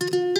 Thank you.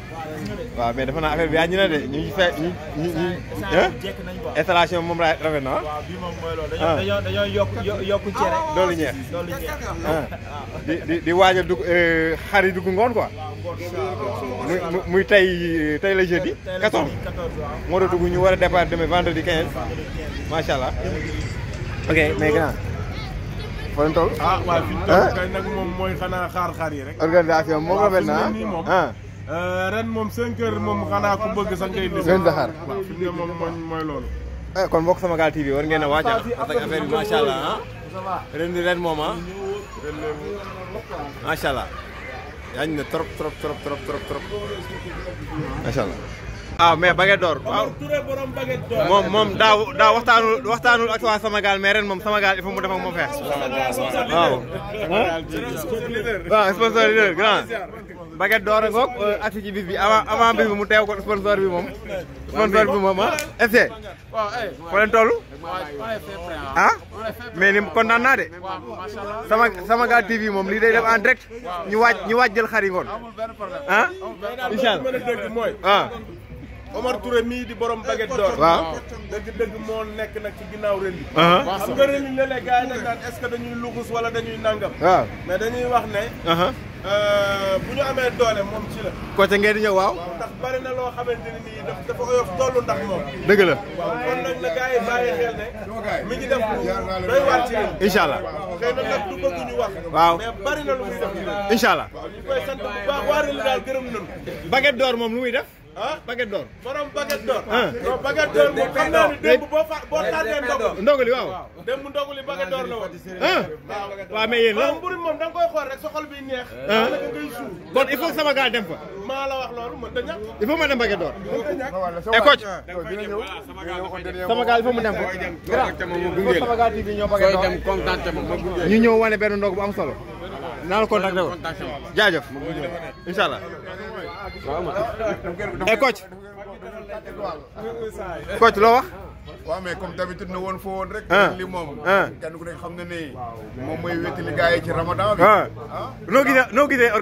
waaw mais dafa naa bi yaa ñu ne de ñu ngi ñu ñu ñu. installation moom la rafet na ah. waaw bii ah. Ah. ñeex loolu ah. di di di waaj a dugg euh, xar dugg ngoon quoi. muy muy tey euh, tey la jeudi. 14 moo doon dugg ñu war a vendredi 15. macha allah. ok mais grand. fa lañ toll. ah moom rafet na ah. Euh, ren moom 5 heures moom xanaa ku bëgg indi. ngeen daxaar waaw fi mooy mooy loolu. Eh, kon mbokk war ngeen a waajal parce que affaire bi macha allah ah ren ren moom ah ren allah yaa ne trop trop trop trop trop trop macha allah. waaw ah, mais baguette d'or waaw ah. moom daa daaw daaw waxtaanul waxtaanul ak waa Samagal mais ren moom Samagal il faut mu def ak mu fees. waaw. waaw grand. baguette door euh, ak ci bis bi avant avant bi mu teew ko sponsor bi moom. sponsor bi moom ah FC. foo leen toll. ah mais ni kontaan naa de. sama sama gaa TV moom lii day def en direct ñu waaj ñu waaj jël xar yi ngoon ah incha allah. Ah. Omar Touré mii di borom baguette d'or. waaw nekk nag ci ginnaaw ren bi. Ah. nga ren yi ne la yi que dañuy luxus wala dañuy nangam. waaw ah. mais dañuy wax ne. Euh, bu ñu amee doole moom ci la. côté ngeen di ñëw waaw. ndax bari na loo xamante ne nii dafa oyof tollu ndax moom. dëgg la. waaw kon ngi def lu doy ci ñun. incha allah nag du bëgg ñu wax. waaw mais bari na lu muy def ci ñun. incha allah. ñu koy daal gërëm nañu. baguette d'or moom lu muy def. paquet d'or borom paquet d'or borom paquet d'or mo xam na dem bo fa bo tardé ndogu ndoguli waaw dem ndoguli paquet d'or la won wa mais yeen la mburi mom dang koy xor rek sa xol bi neex naka ngay sou bon il faut sama gars dem fa ma la wax lolu mo de ñak il faut ma sama gars il faut mu dem sama gars di ñew paquet d'or ñu ñew wone naa la contacté ko jaajëf incha allah e eh, coach coach loo wax waaw comme d'habitude na woon foo woon rek. Ah. li moom. Ah. kenn ku nekk xam na ne moom mooy wétali gars yi ci ramadan bi. ah, ah. noo gisee noo gisee am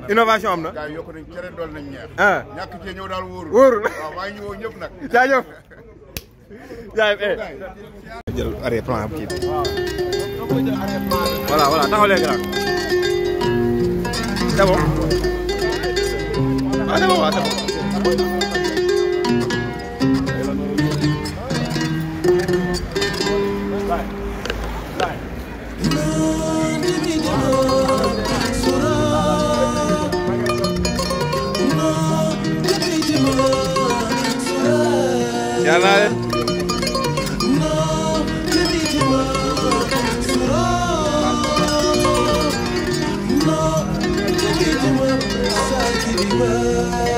na. innovation am na. nañ cere dool nañ ñeex. ñëw daal wóorul. wóorul waaw ñëpp nag. jaajëf. jaay eh. jël arrêt plan kii bi. voilà voilà taxaw léegi daal. d' abord. ah d' abord waaw d' abord. Yalla Sanki bir ben